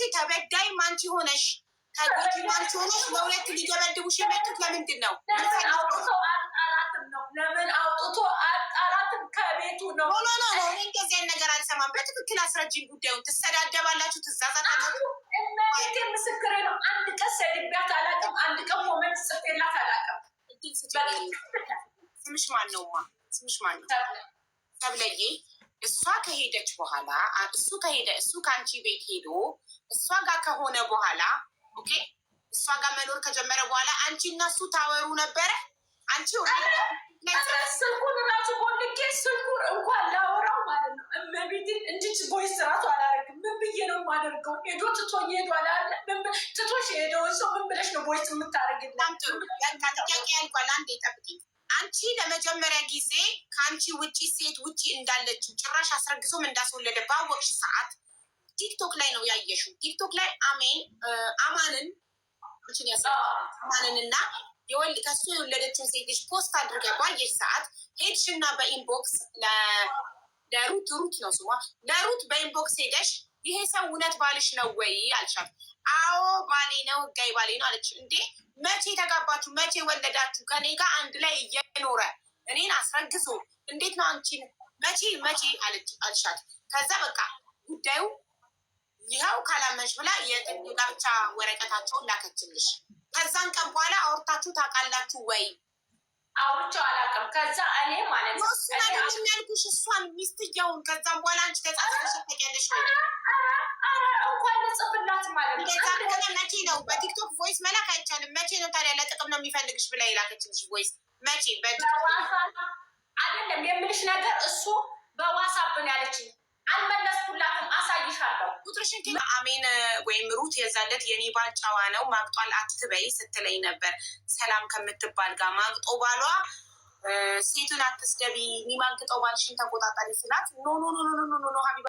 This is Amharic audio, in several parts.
ስለዚህ ተበዳይ ማንቺ ሆነሽ ተጎጂ ማንቺ ሆነሽ ለሁለት ሊደበድቡሽ የመጡት ለምንድን ነው? ለምን አውጥቶ አጣላትም ከቤቱ ነው። ኖ ኖ ኖ እንደዚህ አይነት ነገር አልሰማም። በትክክል አስረጅኝ ጉዳዩን። ትሰዳደባላችሁ፣ ትዛዛታላችሁ። እናቴ ምስክሬ ነው። አንድ ቀን ሰድቢያት አላውቅም። አንድ ቀን ሞመንት ጽፌላት አላውቅም። ስምሽ ማን ነው? ስምሽ ማን ነው? ተብለዬ እሷ ከሄደች በኋላ እሱ ከሄደ እሱ ከአንቺ ቤት ሄዶ እሷ ጋር ከሆነ በኋላ ኦኬ፣ እሷ ጋር መኖር ከጀመረ በኋላ አንቺ እና እሱ ታወሩ ነበረ። አንቺ ስልኩን ራሱ ቦልጌ ስልኩን እንኳን ላወራው ማለት ነው። እመቤትን እንድች ቦይስ ራሱ አላደርግም። ምን ብዬ ነው የማደርገው? ሄዶ ትቶኝ ሄዶ አላለ ትቶሽ የሄደውን ሰው ምን ብለሽ ነው ቦይስ የምታደርግልኝ? ጥያቄ ያልኳል። አንዴ ጠብቂኝ አንቺ ለመጀመሪያ ጊዜ ከአንቺ ውጪ ሴት ውጪ እንዳለችው ጭራሽ አስረግዞም እንዳስወለደ ባወቅሽ ሰዓት ቲክቶክ ላይ ነው ያየሽው። ቲክቶክ ላይ አሜን አማንን አማንን እና የወልድ ከሱ የወለደችውን ሴት ልጅ ፖስት አድርጋ ባየሽ ሰዓት ሄድሽ እና በኢንቦክስ ለሩት ሩት ነው ስሟ ለሩት በኢንቦክስ ሄደሽ ይሄ ሰው እውነት ባልሽ ነው ወይ አልሻት። አዎ ባሌ ነው፣ ህጋዊ ባሌ ነው አለች። እንዴ መቼ ተጋባችሁ? መቼ ወለዳችሁ? ከኔ ጋር አንድ ላይ እየኖረ እኔን አስረግዞ እንዴት ነው አንቺን መቼ መቼ አልሻት። ከዛ በቃ ጉዳዩ ይኸው ካላመንሽ ብላ ጋብቻ ወረቀታቸውን ላከችልሽ። ከዛን ቀን በኋላ አውርታችሁ ታውቃላችሁ ወይ? አውርቼው አላውቅም። ከዛ እኔ ማለት ነው እሱ ነገር የሚያልኩሽ እሷን ሚስትየውን ከዛም በኋላ አንቺ ተጻጽፈሽ ታውቂያለሽ ወይ መቼ ነው በቲክቶክ ቮይስ መላክ አይቻልም። መቼ ነው ታዲያ ለጥቅም ነው የሚፈልግሽ ብላ የላከችልሽ ቮይስ መቼ? አይደለም የምልሽ ነገር እሱ በዋሳብ ያለችኝ። አልመለስኩላትም። አሳይሻለሁ ቁጥርሽን አሜን ወይም ሩት የዛለት የኔ ባል ጨዋ ነው ማግጧል አትበይ ስትለኝ ነበር። ሰላም ከምትባል ጋር ማግጦ ባሏ ሴቱን አትስደቢ፣ የሚማግጠው ባልሽን ተቆጣጣሪ ስላት ኖ ኖ ኖ ኖ ኖ ሀቢባ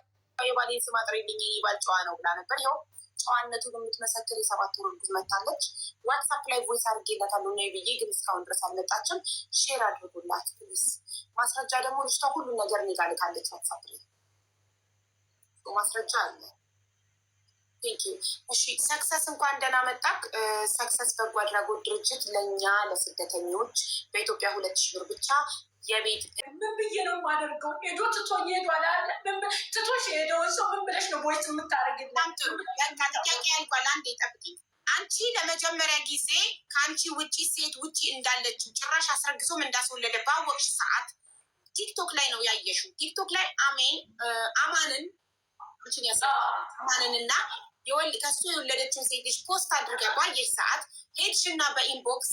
የባሌ ስም አጥሪልኝ ባል ጨዋ ነው ብላ ነበር። ይኸው ጨዋነቱን የምትመሰክር የሰባት ወር እርጉዝ መታለች። ዋትሳፕ ላይ ቮይስ አድርጌላታለሁ ነው ብዬ ግን እስካሁን ድረስ አልመጣችም። ሼር አድርጉላት ፕሊስ። ማስረጃ ደግሞ ልጅቷ ሁሉን ነገር እኔ ጋር ልካለች። ዋትሳፕ ላይ ማስረጃ አለ። እሺ ሰክሰስ እንኳን ደህና መጣክ። ሰክሰስ በጎ አድራጎት ድርጅት ለእኛ ለስደተኞች በኢትዮጵያ ሁለት ሺህ ብር ብቻ የቤት ምን ብዬ ነው የማደርገው? ሄዶ ትቶ ሄዶ አላለ ትቶሽ የሄደውን ሰው ምን ብለሽ ነው ቦይስ የምታደርግልኝ? ያልኳል። አንዴ ጠብቂኝ። አንቺ ለመጀመሪያ ጊዜ ከአንቺ ውጪ ሴት ውጪ እንዳለችው ጭራሽ አስረግዞም እንዳስወለደ ባወቅሽ ሰዓት ቲክቶክ ላይ ነው ያየሽው። ቲክቶክ ላይ አሜን አማንን ችን ያሳ አማንን እና የወል ከሱ የወለደችውን ሴት ልጅ ፖስት አድርጋ ባየሽ ሰዓት ሄድሽና በኢንቦክስ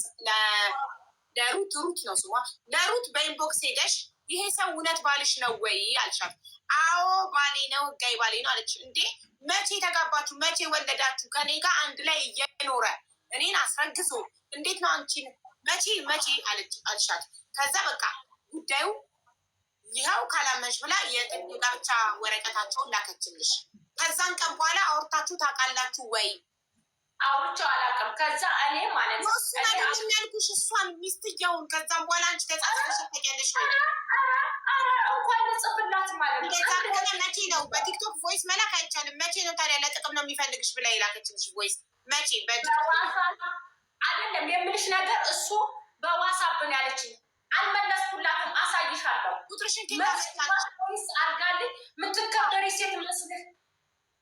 ለሩት ሩት ነው ስሟ። ለሩት በኢንቦክስ ሄደሽ ይሄ ሰው እውነት ባልሽ ነው ወይ አልሻት። አዎ ባሌ ነው፣ ህጋዊ ባሌ ነው አለች። እንዴ መቼ ተጋባችሁ? መቼ ወለዳችሁ? ከኔ ጋር አንድ ላይ እየኖረ እኔን አስረግዞ እንዴት ነው አንቺን መቼ መቼ አልሻት። ከዛ በቃ ጉዳዩ ይኸው ካላመንሽ ብላ የጋብቻ ወረቀታቸውን ላከችልሽ። ከዛን ቀን በኋላ አውርታችሁ ታውቃላችሁ ወይ አውርቼው አላውቅም። ከዛ እኔ ማለት ነው ያልኩሽ እሷን ሚስት ከዛም በኋላ አንቺ ተጻፈሽ ተቀደሽ እንኳን ልጽፍላት ማለት ነው። መቼ ነው በቲክቶክ ቮይስ መላክ አይቻልም። መቼ ነው ታዲያ ለጥቅም ነው የሚፈልግሽ ብላ የላከችልሽ ቮይስ መቼ? አይደለም የምልሽ ነገር እሱ በዋሳብ ነው ያለችኝ። አልመለስኩላትም። አሳይሻለሁ ቁጥርሽን ቴክስ አድርጋልኝ ምትከበሪ ሴት መስልህ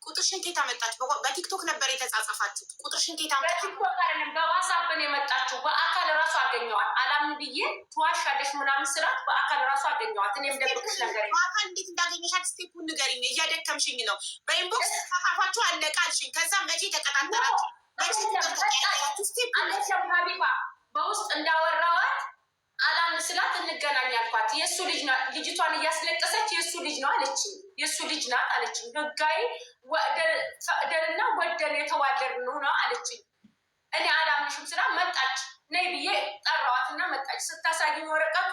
ቁጥርሽን ከየት አመጣች? በቲክቶክ ነበር የተጻጻፋችሁት? ቁጥርሽን ከየት አመጣች? በቲክቶክ አይደለም በዋትሳፕ ነው የመጣችሁ። በአካል ራሱ አገኘዋት። አላምን ብዬ ትዋሻለሽ ምናምን ስራት በአካል ራሱ አገኘዋት። እኔም ደብቅሽ ነገር በአካል እንዴት እንዳገኘሻት ስቴፑን ንገሪኝ። እያደከምሽኝ ነው። በኢንቦክስ ተጻጻፋችሁ አለቀ አልሽኝ። ከዛ መቼ ተቀጣጠራችሁ? መቼ በውስጥ እንዳወራዋት አላምን ስላት እንገናኝ አልኳት። የእሱ ልጅ ልጅቷን እያስለቀሰች የእሱ ልጅ ነው አለችኝ። የእሱ ልጅ ናት አለችኝ። ህጋዊ ፈቅደንና ወደን ነው ነው አለችኝ። እኔ አላምንሽም ስራ መጣች። ነይ ብዬ ጠራዋትና መጣች። ስታሳይኝ ወረቀቱ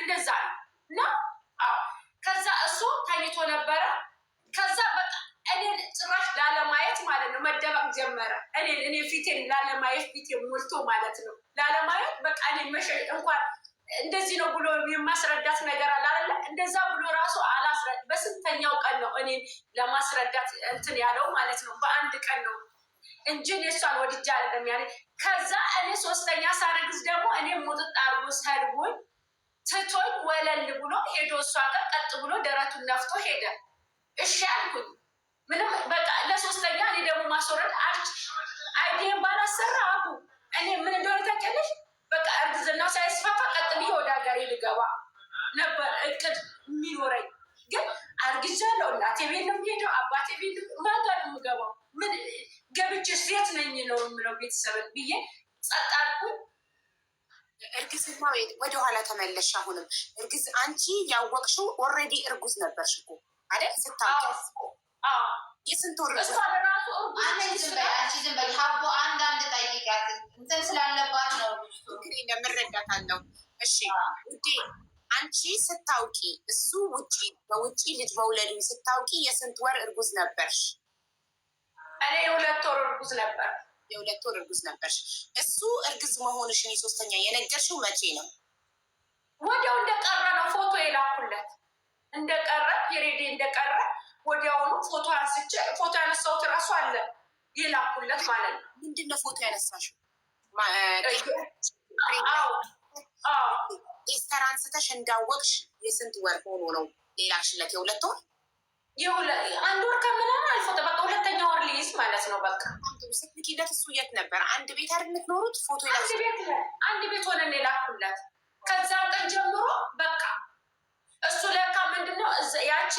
እንደዛ ነው እና አዎ። ከዛ እሱ ተኝቶ ነበረ። ከዛ በቃ እኔን ጭራሽ ላለማየት ማለት ነው መደበቅ ጀመረ። እኔን እኔ ፊቴን ላለማየት ፊቴ ሞልቶ ማለት ነው ላለማየት በቃ እኔ መሸ እንኳን እንደዚህ ነው ብሎ የማስረዳት ነገር አለ አይደለ? እንደዛ ብሎ ራሱ አላ በስንተኛው ቀን ነው እኔን ለማስረዳት እንትን ያለው ማለት ነው። በአንድ ቀን ነው እንጂ እሷን አይደለም ከዛ እኔ ሶስተኛ ሳረግዝ ደግሞ እኔ ሙጥጥ አድርጎ ሰድቦኝ ትቶኝ ወለል ብሎ ሄዶ እሷ ጋር ቀጥ ብሎ ደረቱን ነፍቶ ሄደ። እሺ አልኩኝ። ምንም በቃ ለሶስተኛ እኔ ደግሞ ማስወረድ አልች አይዲን ባላሰራ አቡ እኔ ምን እንደሆነ ታውቂያለሽ? በቃ እርግዝናው ሳይስፋፋ ቀጥ ብዬ ወደ ሀገሬ ልገባ ነበር እቅድ የሚኖረኝ። ግን አርግዣለሁ፣ እናቴ ቤት ነው የምሄደው፣ አባቴ ቤት ማን ጋር ነው የምገባው? ምን ገብቼ ሴት ነኝ ነው የምለው ቤተሰብን ብዬ ጸጥ አልኩኝ። እርግዝና ወደኋላ ተመለሽ። አሁንም እርግዝ አንቺ ያወቅሽው ኦልሬዲ እርጉዝ ነበርሽ እኮ አይደል? ስታውቂያስ የስንት ወር እሷ ለራሱ ሀቦ አንዳንድ ጠይቃት እንትን ስላለባት ነው ምረዳት አለው። እሺ ውዴ አንቺ ስታውቂ እሱ ውጪ በውጪ ልጅ መውለድ ስታውቂ የስንት ወር እርጉዝ ነበርሽ? እኔ የሁለት ወር እርጉዝ ነበር። የሁለት ወር እርጉዝ ነበርሽ። እሱ እርግዝ መሆንሽን የሶስተኛ የነገርሽው መቼ ነው? ወዲያው እንደቀረ ነው ፎቶ የላኩለት እንደቀረ የሬዲ እንደቀረ ወዲያውኑ ፎቶ አንስቼ ፎቶ ያነሳሁት እራሱ አለ የላኩለት ማለት ነው። ምንድነው ፎቶ ያነሳሽው? ኢስተር አንስተሽ እንዳወቅሽ የስንት ወር ሆኖ ነው ሌላሽለት? የሁለት ወር አንድ ወር ከምናምን አልፎት በቃ ሁለተኛ ወር ልይዝ ማለት ነው። በቃ ስትልኪለት እሱ የት ነበር? አንድ ቤት አይደል የምትኖሩት? ፎቶ አንድ ቤት ሆነን የላኩለት። ከዛ ቀን ጀምሮ በቃ እሱ ለካ ምንድነው ያቺ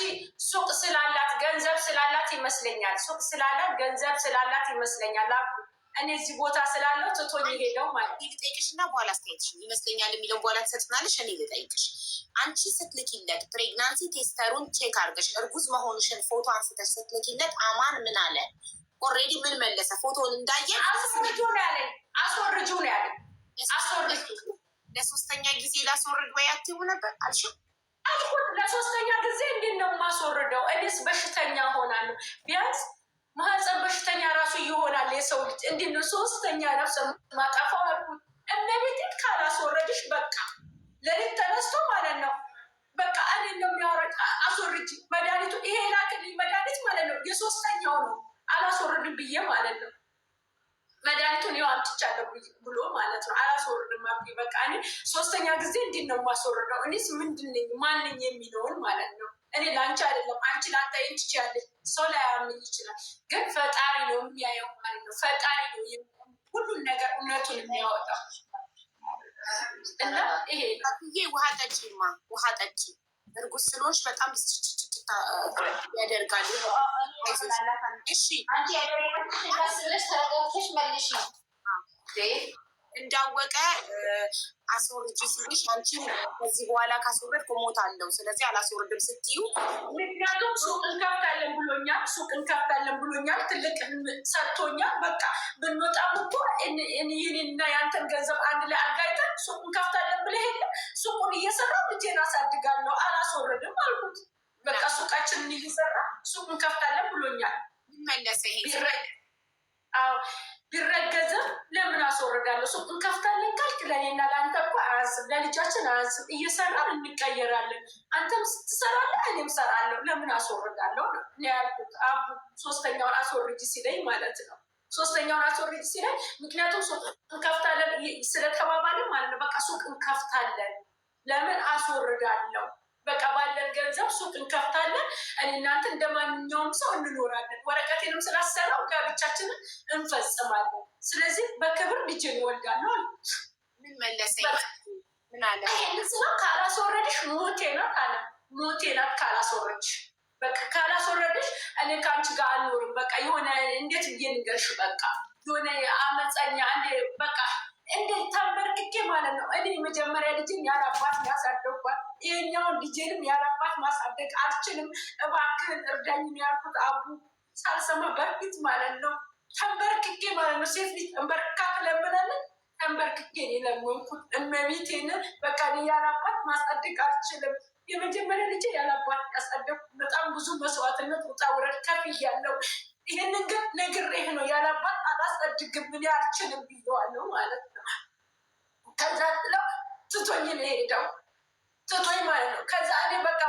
ሱቅ ስላላት ገንዘብ ስላላት ይመስለኛል ሱቅ ስላላት ገንዘብ ስላላት ይመስለኛል እኔ እዚህ ቦታ ስላለው ትቶኝ ሄደው ማለት እና በኋላ አስተያየትሽ ይመስለኛል የሚለው በኋላ ትሰጥናለሽ። እኔ ልጠይቅሽ፣ አንቺ ስትልኪለት ፕሬግናንሲ ቴስተሩን ቼክ አድርገሽ እርጉዝ መሆንሽን ፎቶ አንስተሽ ስትልኪለት አማን ምን አለ? ኦልሬዲ ምን መለሰ? ፎቶን እንዳየ አስወርጁ ነው ያለኝ። አስወርጁ ነው ያለኝ። አስወርጁ ለሶስተኛ ጊዜ ላስወርድ ወይ አትይው ነበር አልኩት። ለሶስተኛ ጊዜ እንዴት ነው የማስወርደው? እኔስ በሽተኛ ሆናለሁ ቢያንስ ማህፀን በሽተኛ ራሱ ይሆናል የሰው ልጅ እንዲህ ነው። ሶስተኛ ነፍሰ ማጣፋው አልኩ እመቤቴን ካላስወረድሽ በቃ ለሊት ተነስቶ ማለት ነው በቃ እኔ ነው የሚያወረድ አስወርጅ መድኃኒቱ ይሄ ላክልኝ መድኃኒት ማለት ነው የሶስተኛው ነው አላስወርድም ብዬ ማለት ነው መድኃኒቱን ይኸው አምጥቻለሁ ብሎ ማለት ነው አላስወርድም አ በቃ እኔ ሶስተኛ ጊዜ እንዲን ነው የማስወርደው እኔስ ምንድን ነኝ የሚለውን ማለት ነው እኔ ለአንቺ አይደለም፣ አንቺ ላታይን ትችያለሽ፣ ሰው ላይ አምን ይችላል። ግን ፈጣሪ ነው የሚያየው ማለት ነው። ፈጣሪ ነው ሁሉን ነገር እውነቱን የሚያወጣው እና ይሄ ይሄ ውሃ ጠጪ ማ ውሃ ጠጪ እርጉዝ ስለሆንሽ በጣም ስችችችችታ ያደርጋል። እሺ አንቺ ያደርጋል ስለሽ ተረጋግተሽ መልሽ ነው እንዳወቀ አስወርጅ ስልሽ አንቺን ከዚህ በኋላ ካስወረድኩ እሞታለሁ፣ ስለዚህ አላስወርድም ስትዩ፣ ምክንያቱም ሱቅ እንከፍታለን ብሎኛል። ሱቅ እንከፍታለን ብሎኛል። ትልቅ ሰጥቶኛል። በቃ ብንወጣም እኮ ይህንና ያንተን ገንዘብ አንድ ላይ አጋይተን ሱቅ እንከፍታለን ብለህ የለ ሱቁን እየሰራ ልጄን አሳድጋለሁ፣ አላስወረድም አልኩት። በቃ ሱቃችንን እየሰራ ሱቅ እንከፍታለን ብሎኛል። መለሰ ቢረገዝም ለምን አስወ እወዳለሁ። ሱቅ እንከፍታለን ካልክ ለእኔና ለአንተ እኮ አያስብ፣ ለልጃችን አያስብ። እየሰራን እንቀየራለን። አንተም ስትሰራለ እኔም ሰራለሁ። ለምን አስወርዳለሁ ነው ያልኩት። አቡ ሶስተኛውን አስወርጅ ሲለኝ ማለት ነው ሶስተኛውን አስወርጅ ሲለኝ፣ ምክንያቱም ሱቅ እንከፍታለን ስለተባባልን ማለት ነው። በቃ ሱቅ እንከፍታለን ለምን አስወርዳለሁ በቃ ባለን ገንዘብ ሱቅ እንከፍታለን። እናንተ እንደ ማንኛውም ሰው እንኖራለን። ወረቀቴንም ስላሰራው ጋብቻችንን እንፈጽማለን። ስለዚህ በክብር ልጄን እወልዳለሁ አለ። ምን መለሰኝ? ምን አለ? ይህን ስለው ካላስወረድሽ ሞቴ ነው ካለ። ሞቴ ናት ካላስወረድሽ በቃ ካላስወረድሽ እኔ ከአንቺ ጋር አልኖርም። በቃ የሆነ እንዴት ብዬ ንገርሽ በቃ የሆነ አመፀኛ በቃ እንዴት ተንበርክኬ ማለት ነው። እኔ የመጀመሪያ ልጅን ያላባት ያሳደግኳት፣ ይህኛውን ልጅንም ያላባት ማሳደግ አልችልም፣ እባክህን እርዳኝን ያልኩት አቡ ሳልሰማ በፊት ማለት ነው። ተንበርክኬ ማለት ነው። ሴት ልጅ ተንበርክካ ትለምናለን። ተንበርክኬ የለምንኩት እመቤቴን በቃ ያላባት ማሳደግ አልችልም። የመጀመሪያ ልጅ ያላባት ያሳደግኩ፣ በጣም ብዙ መስዋዕትነት ውጣ ውረድ ከፍ እያለው ይህንን ግን ነግሬህ ነው ያላባት አላሳድግም፣ እኔ አልችልም ብዬዋለሁ ማለት ነው። ተንዛዝለው ትቶኝ ነው የሄደው። ትቶኝ ማለት ነው። ከዛ እኔ በቃ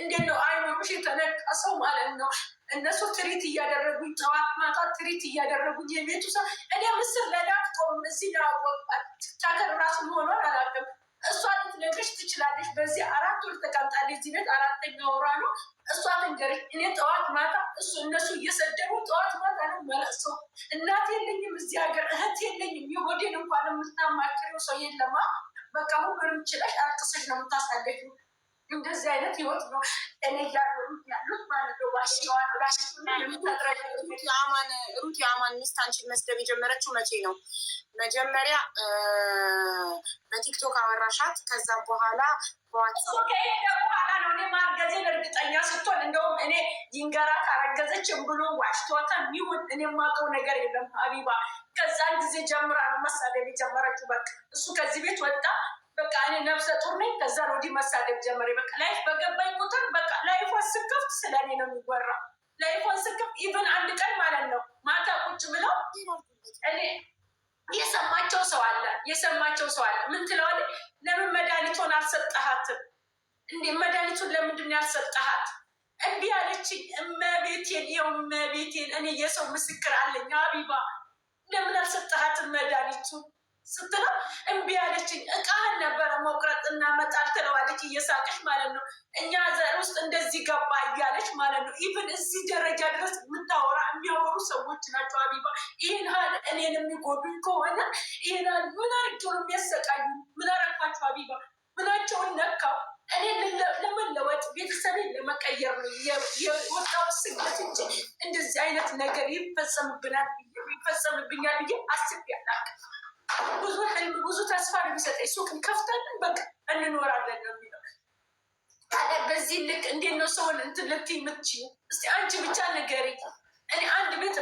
እንዴት ነው አይኖች የተነቃ ሰው ማለት ነው። እነሱ ትሪት እያደረጉኝ ጠዋት ማታ ትሪት እያደረጉኝ የቤቱ ሰው እኔ ምስር ለዳፍጦ እዚህ ላወቃት ታከር ራሱ መሆኗን አላውቅም። እሷ ልትነግርሽ ትችላለች። በዚህ አራት ወር ተቀምጣለች እዚህ ቤት አራተኛ ወሯ ነው። እሷ ትንገርሽ። እኔ ጠዋት ማታ እሱ እነሱ እየሰደቡ ጠዋት ማታ ነው መለሶ። እናት የለኝም እዚህ ሀገር፣ እህት የለኝም፣ የሆዴን እንኳን የምታማክሪው ሰው የለማ። በቃ ሁሉንም ችለሽ አርቅሰሽ ነው የምታሳለፊው እንደዚህ አይነት ህይወት ነው እኔ ያሉት ማለት ነው። ሩት የአማን ሚስት አንቺን መስደብ የጀመረችው መቼ ነው? መጀመሪያ በቲክቶክ አወራሻት፣ ከዛ በኋላ ከሄደ በኋላ ነው። እኔ ማርገዜን እርግጠኛ ስትሆን እንደውም እኔ ይንገራት አረገዘችን ብሎ ዋሽቷታል። ይሁን እኔ የማውቀው ነገር የለም ሀቢባ። ከዛን ጊዜ ጀምራ ነው መሳደብ የጀመረችው። በቃ እሱ ከዚህ ቤት ወጣ በቃ እኔ ነፍሰ ጡር ነኝ። ከዛ ነው ወዲህ መሳደብ ጀመሬ። በቃ ላይፍ በገባኝ ቁጥር በቃ ላይፎን ስከፍት ስለ እኔ ነው የሚወራ። ላይፎን ስከፍት ኢቨን አንድ ቀን ማለት ነው ማታ ቁጭ ብለው እኔ የሰማቸው ሰው አለ የሰማቸው ሰው አለ። ምን ትለዋለህ? ለምን መድኃኒቱን አልሰጠሃትም? እንዴ መድኃኒቱን ለምንድን ያልሰጠሃት? እንዲህ ያለችኝ እመቤቴን፣ የው እመቤቴን፣ እኔ የሰው ምስክር አለኝ። አቢባ ለምን አልሰጠሃትም መድኃኒቱን ስትለው እምቢ አለችኝ። እቃህን ነበረ መቁረጥ እና መጣል ትለዋለች እየሳቀች ማለት ነው። እኛ ዘር ውስጥ እንደዚህ ገባ እያለች ማለት ነው። ኢቭን እዚህ ደረጃ ድረስ የምታወራ የሚያወሩ ሰዎች ናቸው። አቢባ ይህን ሀል እኔን የሚጎዱኝ ከሆነ ይህን ሀል ምን ነው የሚያሰቃዩ? ምን አረኳቸው? አቢባ ምናቸውን ነካው? እኔ ለመለወጥ ቤተሰቤን ለመቀየር የወጣው እንጂ እንደዚህ አይነት ነገር ይፈጸምብናል ይፈጸምብኛል ብዬ አስቤ አላውቅም። ብዙ ብዙ ተስፋ ነው የሚሰጠኝ። ሱቅን ከፍተን በቃ እንኖራለን ነው የሚለው። ታዲያ በዚህ ልክ እንዴት ነው ሰውን እንትን ልትይ ምች እስቲ አንቺ ብቻ ንገሪ። እኔ አንድ ቤት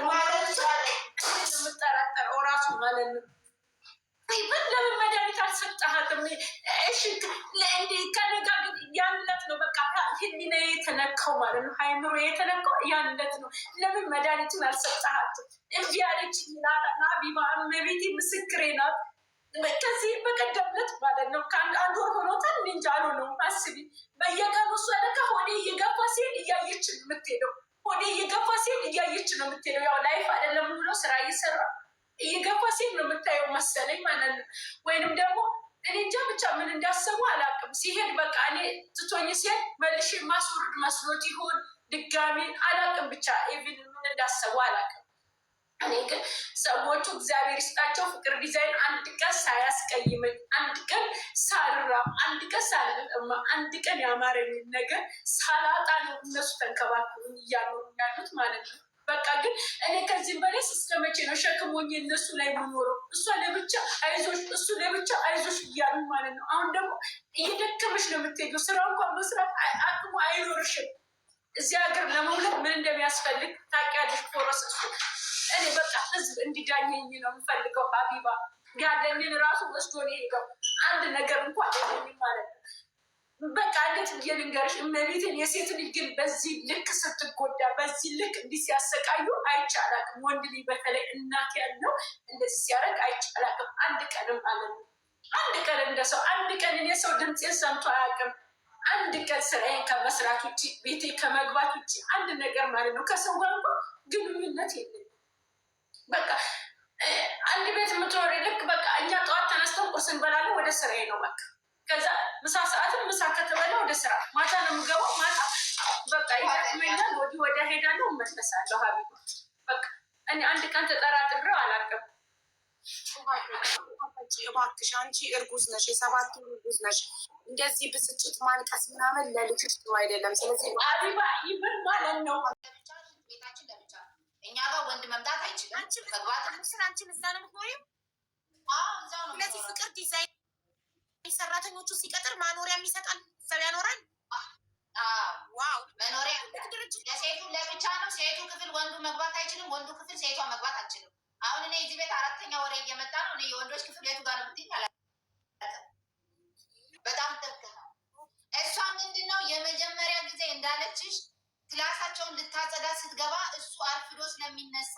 የምጠራጠረው ራሱ ማለት ነው ለምን መድኃኒት አልሰጠሃትም? እሺ እንዴ ከነጋ ግን ያንለት ነው ህሊና የተነካው ማለት ነው። ሃይምሮ የተነካው ያለት ነው። ለምን መድኃኒቱን አልሰጠሃት? እንዲህ ያለች ናትና ቢባ መቤቴ ምስክሬ ናት። ከዚህ በቀደምለት ማለት ነው ከአንድ አንድ ወር ሆኖታል። ሚንጃሉ ነው አስቢ በየቀኑ እሱ ያለካ ሆዴ እየገፋ ሲሄድ እያየች ነው የምትሄደው። ሆዴ እየገፋ ሲሄድ እያየች ነው የምትሄደው። ያው ላይፍ አይደለም ብሎ ስራ እየሰራ እየገፋ ሲሄድ ነው የምታየው መሰለኝ ማለት ነው። ወይንም ደግሞ እኔ እንጃ ብቻ ምን እንዳሰቡ አላውቅም። ሲሄድ በቃ እኔ ትቶኝ ሲሄድ መልሼ ማስወርድ መስሎት ይሆን ድጋሚ አላውቅም። ብቻ ኢቭን ምን እንዳሰቡ አላውቅም። እኔ ግን ሰዎቹ እግዚአብሔር ይስጣቸው ፍቅር ዲዛይን አንድ ቀን ሳያስቀይመኝ፣ አንድ ቀን ሳልራብ፣ አንድ ቀን ሳልጠማ፣ አንድ ቀን ያማረኝን ነገር ሳላጣ ነው እነሱ ተንከባክቡኝ እያኖሩ ያሉት ማለት ነው። በቃ ግን እኔ ከዚህም በላይ እስከ መቼ ነው ሸክሞኝ እነሱ ላይ መኖረው? እሷ ለብቻ አይዞሽ፣ እሱ ለብቻ አይዞሽ እያሉ ማለት ነው። አሁን ደግሞ እየደከመች ነው የምትሄጂው። ስራ እንኳን መስራት አቅሙ አይኖርሽም። እዚህ ሀገር ለመውለድ ምን እንደሚያስፈልግ ታውቂያለሽ። ፎረስ እሱ እኔ በቃ ህዝብ እንዲዳኘኝ ነው የምፈልገው። ሀቢባ ያለኝን ራሱ ወስዶ ነው የሄደው። አንድ ነገር እንኳን ማለት ነው በቃ እንዴት ብዬ ልንገርሽ? እመቤትን የሴት ልጅ ግን በዚህ ልክ ስትጎዳ በዚህ ልክ እንዲህ ሲያሰቃዩ አይቻላቅም። ወንድ ልጅ በተለይ እናት ያለው እንደዚህ ሲያደርግ አይቻላቅም። አንድ ቀንም አለን አንድ ቀን እንደ ሰው አንድ ቀን እኔ ሰው ድምፄን ሰምቶ አያውቅም። አንድ ቀን ስራዬን ከመስራት ውጭ ቤቴ ከመግባት ውጭ አንድ ነገር ማለት ነው። ከሰው ጋር እንኳ ግንኙነት የለኝም። በቃ አንድ ቤት የምትኖሪ ልክ በቃ እኛ ጠዋት ተነስተን ቁርስ እንበላለን፣ ወደ ስራዬ ነው በቃ ከዛ ምሳ ሰዓትም ምሳ ከተበላ ወደ ስራ፣ ማታ ነው የምገባው። ማታ በቃ ይጠቅመኛል፣ ወዲህ ወዲያ ሄዳለሁ፣ እመለሳለሁ። ሀቢባ በቃ እኔ አንድ ቀን ተጠራጥሬው አላውቅም። እባክሽ አንቺ እርጉዝ ነሽ፣ የሰባት እርጉዝ ነሽ። እንደዚህ ብስጭት፣ ማልቀስ ምናምን ለልጆች ጥሩ አይደለም። ስለዚህ አቢባ ይብር ማለት ነው ቤታችን ለብቻ እኛ ጋር ወንድ መምጣት አይችልም። አንቺ መግባት ምስል አንቺ ምዛ ነው ምትኖሪው። ስለዚህ ፍቅር ዲዛይን ቤት ሰራተኞቹ ሲቀጥር ማኖሪያ የሚሰጣል ሰው ያኖራል። ዋው መኖሪያ ለሴቱ ለብቻ ነው። ሴቱ ክፍል ወንዱ መግባት አይችልም፣ ወንዱ ክፍል ሴቷ መግባት አይችልም። አሁን እኔ እዚህ ቤት አራተኛ ወሬ እየመጣ ነው። እኔ የወንዶች ክፍል የቱ ጋር ብትኝ አላ በጣም ጥብቅ ነው። እሷ ምንድን ነው የመጀመሪያ ጊዜ እንዳለችሽ ክላሳቸውን ልታጸዳ ስትገባ እሱ አርፍዶ ስለሚነሳ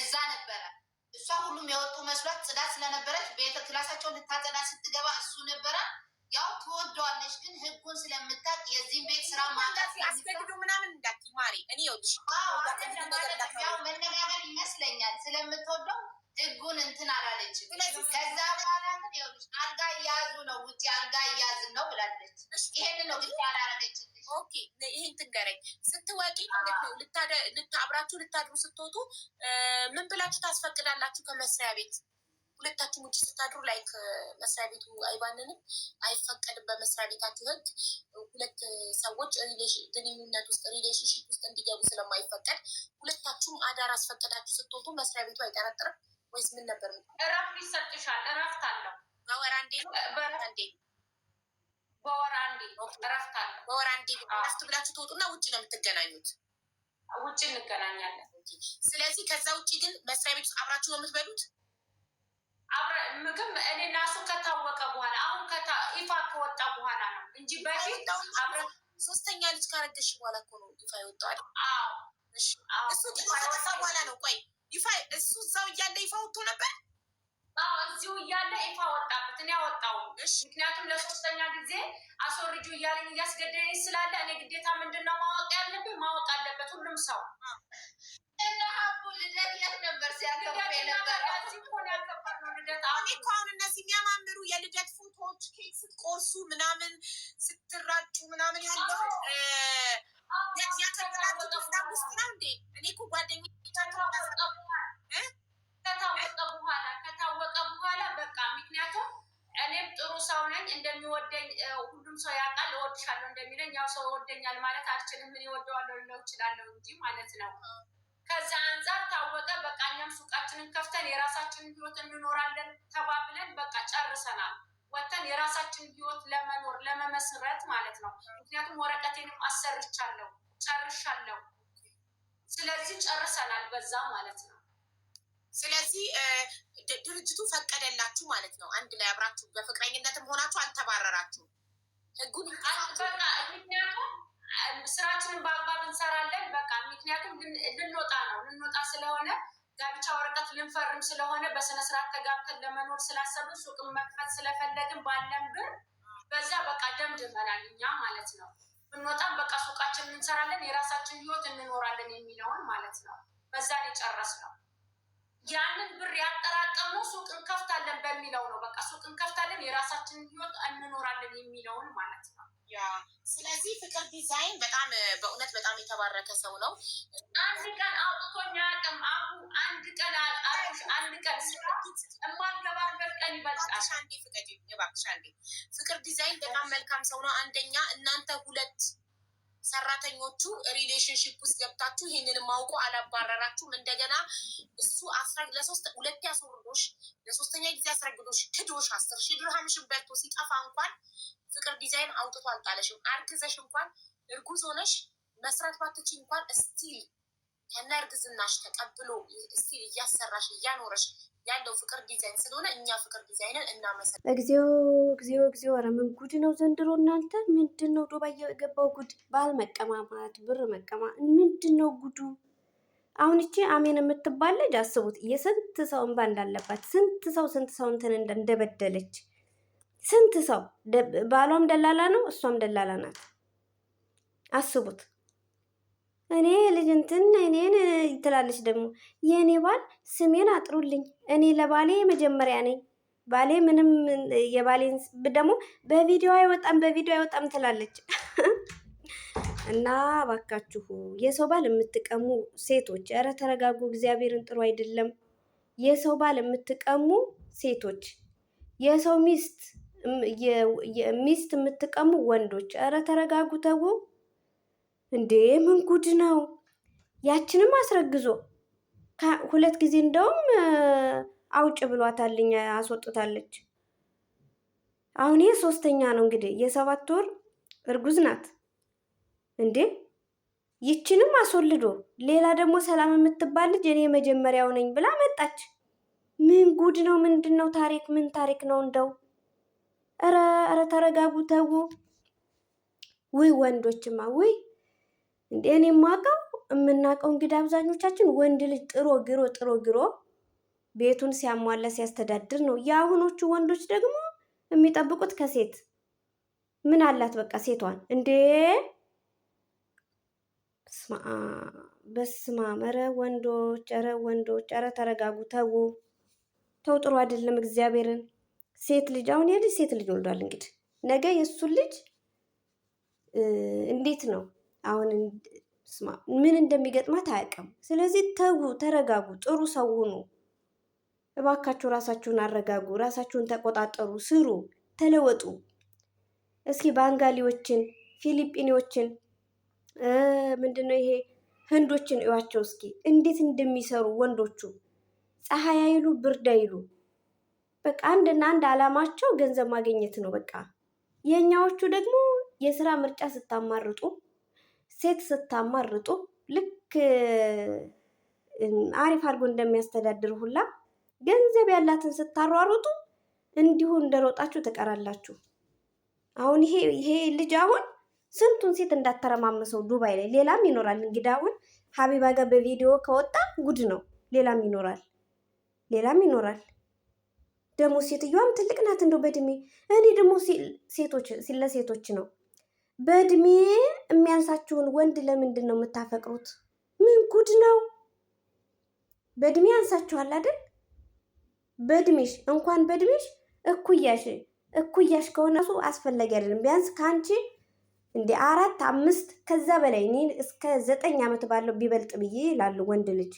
እዛ ነበረ እሷ ሁሉም የወጡ መስሏት ጽዳት ስለነበረች ቤተ ክላሳቸውን ልታጸዳ ስትገባ እሱ ነበረ። ያው ትወደዋለች፣ ግን ህጉን ስለምታቅ የዚህም ቤት ስራ ማጣት አስገድዶ ምናምን እንዳት ማሪ እኔ መነጋገር ይመስለኛል ስለምትወደው ህጉን እንትን አላለችም። ከዛ በኋላ ግን አልጋ እያያዙ ነው ውጭ አልጋ እያያዝን ነው ብላለች። ይሄንን ነው ግን ያላረ ኦኬ ይህን ትንገረኝ። ስትወቂ ማለት ነው አብራችሁ ልታድሩ ስትወጡ ምን ብላችሁ ታስፈቅዳላችሁ? ከመስሪያ ቤት ሁለታችሁ ውጭ ስታድሩ ላይክ መስሪያ ቤቱ አይባንንም፣ አይፈቀድም በመስሪያ ቤታችሁ ህግ ሁለት ሰዎች ግንኙነት ውስጥ ሪሌሽንሽፕ ውስጥ እንዲገቡ ስለማይፈቀድ ሁለታችሁም አዳር አስፈቅዳችሁ ስትወጡ መስሪያ ቤቱ አይጠረጥርም ወይስ ምን ነበር? እረፍት ይሰጥሻል። እረፍት አለው። አወራ እንዴ ነው በወር አንዴ ነው። እረፍት አለ። በወር አንዴ እረፍት ብላችሁ ትወጡና ውጭ ነው የምትገናኙት። ውጭ እንገናኛለን። ስለዚህ ከዛ ውጭ ግን መስሪያ ቤት ውስጥ አብራችሁ ነው የምትበሉት። ምግብ እኔና እሱ ከታወቀ በኋላ አሁን ይፋ ከወጣ በኋላ ነው እንጂ በፊት ሶስተኛ ልጅ ካረገሽ በኋላ እኮ ነው ይፋ ይወጣዋል። እሱ ከወጣ በኋላ ነው። ቆይ ይፋ እሱ እዛው እያለ ይፋ ወጥቶ ነበር እዚሁ እያለ ይፋ ወጣበት። እኔ አወጣው። እሺ፣ ምክንያቱም ለሶስተኛ ጊዜ አስወርጁ እያለኝ እያስገደኝ ስላለ እኔ ግዴታ ምንድነው ማወቅ ያለብኝ ማወቅ አለበት ሁሉም ሰው እና ሀቡ ልደት የት ነበር ሲያከብር የነበረው? አሁን እነዚህ የሚያማምሩ የልደት ፎቶዎች ኬክ ስትቆርሱ ምናምን ስትራጩ ምናምን ያለው ያከበራችሁ ውስጥ ነው እንዴ? እኔ እኮ ጓደኛ ሁሉም ሰው ያውቃል እወድሻለሁ እንደሚለኝ። ያው ሰው ወደኛል ማለት አልችልም፣ ምን ይወደዋለሁ ለው እችላለሁ እንጂ ማለት ነው። ከዛ አንጻር ታወቀ። በቃ እኛም ሱቃችንን ከፍተን የራሳችንን ህይወት እንኖራለን ተባብለን በቃ ጨርሰናል። ወተን የራሳችንን ህይወት ለመኖር ለመመስረት ማለት ነው። ምክንያቱም ወረቀቴንም አሰርቻለሁ ጨርሻለሁ። ስለዚህ ጨርሰናል በዛ ማለት ነው። ስለዚህ ድርጅቱ ፈቀደላችሁ ማለት ነው። አንድ ላይ አብራችሁ በፍቅረኝነትም ሆናችሁ አልተባረራችሁም። ህጉን ስራችንን በአግባብ እንሰራለን። በቃ ምክንያቱም ልንወጣ ነው ልንወጣ ስለሆነ ጋብቻ ወረቀት ልንፈርም ስለሆነ በስነስርዓት ተጋብተን ለመኖር ስላሰብን ሱቅን መክፈት ስለፈለግን ባለን ብር በዛ በቃ ደምድመናል እኛ ማለት ነው። ብንወጣም በቃ ሱቃችን እንሰራለን፣ የራሳችን ህይወት እንኖራለን የሚለውን ማለት ነው። በዛ የጨረስ ነው ያንን ብር ያጠራቀሙ ሱቅ እንከፍታለን በሚለው ነው። በቃ ሱቅ እንከፍታለን የራሳችንን ህይወት እንኖራለን የሚለውን ማለት ነው። ያ ስለዚህ ፍቅር ዲዛይን በጣም በእውነት በጣም የተባረከ ሰው ነው። አንድ ቀን አውጥቶኛ አቅም አቡ አንድ ቀን አሩሽ አንድ ቀን ስራኪት እማገባበት ቀን ይበልጣል። ፍቅር ዲዛይን በጣም መልካም ሰው ነው። አንደኛ እናንተ ሁለት ሰራተኞቹ ሪሌሽንሽፕ ውስጥ ገብታችሁ ይህንንም ማውቁ አላባረራችሁም። እንደገና እሱ ለሶስት ሁለት አስወርዶሽ ለሶስተኛ ጊዜ አስረግዶሽ ክዶሽ አስር ሺ ድርሃምሽን በልቶ ሲጠፋ እንኳን ፍቅር ዲዛይን አውጥቶ አልጣለሽም። አርግዘሽ እንኳን እርጉዝ ሆነሽ መስራት ባትች እንኳን ስቲል ከነ እርግዝናሽ ተቀብሎ ስቲል እያሰራሽ እያኖረሽ ያለው ፍቅር ዲዛይን ስለሆነ እኛ ፍቅር ዲዛይንን እናመሰል። እግዚኦ እግዚኦ እግዚኦ! ኧረ ምን ጉድ ነው ዘንድሮ እናንተ! ምንድን ነው ዶባ የገባው ጉድ? ባል መቀማማት፣ ብር መቀማ፣ ምንድን ነው ጉዱ? አሁን እቺ አሜን የምትባል ልጅ አስቡት የስንት ሰው እንባ እንዳለባት፣ ስንት ሰው ስንት ሰው እንትን እንደበደለች፣ ስንት ሰው ባሏም ደላላ ነው፣ እሷም ደላላ ናት። አስቡት። እኔ ልጅ እንትን እኔን ትላለች ደግሞ የእኔ ባል ስሜን አጥሩልኝ፣ እኔ ለባሌ መጀመሪያ ነኝ፣ ባሌ ምንም የባሌን ደግሞ በቪዲዮ አይወጣም በቪዲዮ አይወጣም ትላለች። እና ባካችሁ የሰው ባል የምትቀሙ ሴቶች ኧረ ተረጋጉ። እግዚአብሔርን ጥሩ አይደለም። የሰው ባል የምትቀሙ ሴቶች፣ የሰው ሚስት ሚስት የምትቀሙ ወንዶች ኧረ ተረጋጉ፣ ተው። እንዴ ምን ጉድ ነው! ያችንም አስረግዞ ሁለት ጊዜ እንደውም አውጭ ብሏታልኝ አስወጡታለች። አሁን ይሄ ሶስተኛ ነው እንግዲህ የሰባት ወር እርጉዝ ናት እንዴ! ይችንም አስወልዶ ሌላ ደግሞ ሰላም የምትባል ልጅ እኔ መጀመሪያው ነኝ ብላ መጣች። ምን ጉድ ነው! ምንድን ነው ታሪክ? ምን ታሪክ ነው እንደው? ኧረ ተረጋጉ፣ ተዉ። ውይ ወንዶችማ ውይ እንዴ እኔ የማውቀው የምናውቀው እንግዲህ አብዛኞቻችን ወንድ ልጅ ጥሮ ግሮ ጥሮ ግሮ ቤቱን ሲያሟላ ሲያስተዳድር ነው። የአሁኖቹ ወንዶች ደግሞ የሚጠብቁት ከሴት ምን አላት በቃ ሴቷን እንዴ ስማ በስማ መረ ወንዶች ረ ወንዶች ረ ተረጋጉ፣ ተው ተው፣ ጥሩ አይደለም። እግዚአብሔርን ሴት ልጅ አሁን ይሄ ልጅ ሴት ልጅ ወልዷል። እንግዲህ ነገ የእሱን ልጅ እንዴት ነው አሁን ምን እንደሚገጥማት አያውቅም። ስለዚህ ተጉ፣ ተረጋጉ፣ ጥሩ ሰው ሁኑ። እባካችሁ ራሳችሁን አረጋጉ፣ ራሳችሁን ተቆጣጠሩ፣ ስሩ፣ ተለወጡ። እስኪ ባንጋሊዎችን፣ ፊሊጲኒዎችን፣ ምንድነው ይሄ ህንዶችን እዩዋቸው እስኪ እንዴት እንደሚሰሩ ወንዶቹ ፀሐይ አይሉ ብርድ አይሉ በቃ አንድና አንድ አላማቸው ገንዘብ ማግኘት ነው። በቃ የእኛዎቹ ደግሞ የስራ ምርጫ ስታማርጡ ሴት ስታማርጡ ልክ አሪፍ አድርጎ እንደሚያስተዳድር ሁላ ገንዘብ ያላትን ስታሯሩጡ እንዲሁ እንደሮጣችሁ ትቀራላችሁ። አሁን ይሄ ይሄ ልጅ አሁን ስንቱን ሴት እንዳተረማመሰው ዱባይ ላይ ሌላም ይኖራል። እንግዲህ አሁን ሀቢባ ጋር በቪዲዮ ከወጣ ጉድ ነው። ሌላም ይኖራል፣ ሌላም ይኖራል። ደግሞ ሴትዮዋም ትልቅ ናት እንደው በእድሜ እኔ ደግሞ ሴቶች ለሴቶች ነው በእድሜ የሚያንሳችሁን ወንድ ለምንድን ነው የምታፈቅሩት? ምን ጉድ ነው? በእድሜ ያንሳችኋል አይደል? በእድሜሽ እንኳን በእድሜሽ እኩያሽ እኩያሽ ከሆነ እሱ አስፈላጊ አይደለም። ቢያንስ ከአንቺ እንደ አራት አምስት ከዛ በላይ እኔ እስከ ዘጠኝ ዓመት ባለው ቢበልጥ ብዬ ይላሉ። ወንድ ልጅ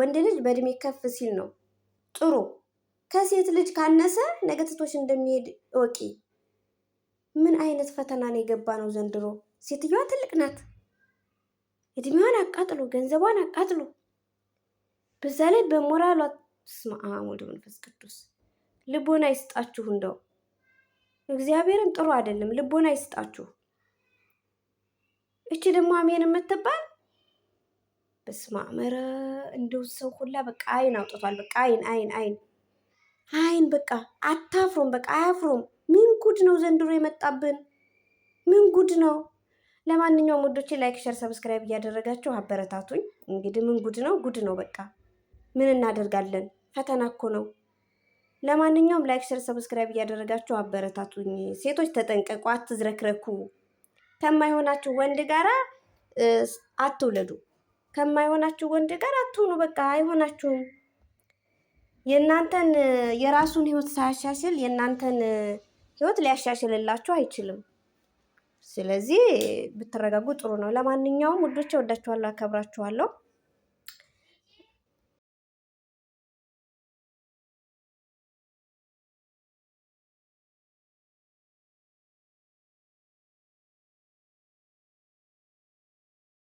ወንድ ልጅ በእድሜ ከፍ ሲል ነው ጥሩ። ከሴት ልጅ ካነሰ ነገ ትቶሽ እንደሚሄድ እወቂ። ምን አይነት ፈተና ነው የገባ ነው ዘንድሮ። ሴትዮዋ ትልቅ ናት። እድሜዋን አቃጥሎ ገንዘቧን አቃጥሎ በዛ ላይ በሞራሏ ስማ ወደ መንፈስ ቅዱስ ልቦና ይስጣችሁ። እንደው እግዚአብሔርን ጥሩ አይደለም። ልቦና ይስጣችሁ። እቺ ደግሞ አሜን የምትባል በስመ መረ እንደው ሰው ሁላ በቃ አይን አውጥቷል። በቃ አይን አይን አይን አይን በቃ አታፍሩም። በቃ አያፍሩም። ጉድ ነው ዘንድሮ የመጣብን? ምን ጉድ ነው? ለማንኛውም ውዶቼ ላይክ፣ ሸር፣ ሰብስክራይብ እያደረጋችሁ አበረታቱኝ። እንግዲህ ምን ጉድ ነው? ጉድ ነው በቃ ምን እናደርጋለን? ፈተና እኮ ነው። ለማንኛውም ላይክ፣ ሸር፣ ሰብስክራይብ እያደረጋችሁ አበረታቱኝ። ሴቶች ተጠንቀቁ፣ አትዝረክረኩ። ከማይሆናችሁ ወንድ ጋር አትውለዱ። ከማይሆናችሁ ወንድ ጋር አትሆኑ። በቃ አይሆናችሁም። የእናንተን የራሱን ህይወት ሳያሻሽል የእናንተን ህይወት ሊያሻሽልላችሁ አይችልም። ስለዚህ ብትረጋጉ ጥሩ ነው። ለማንኛውም ውዶቼ ወዳችኋለሁ፣ አከብራችኋለሁ።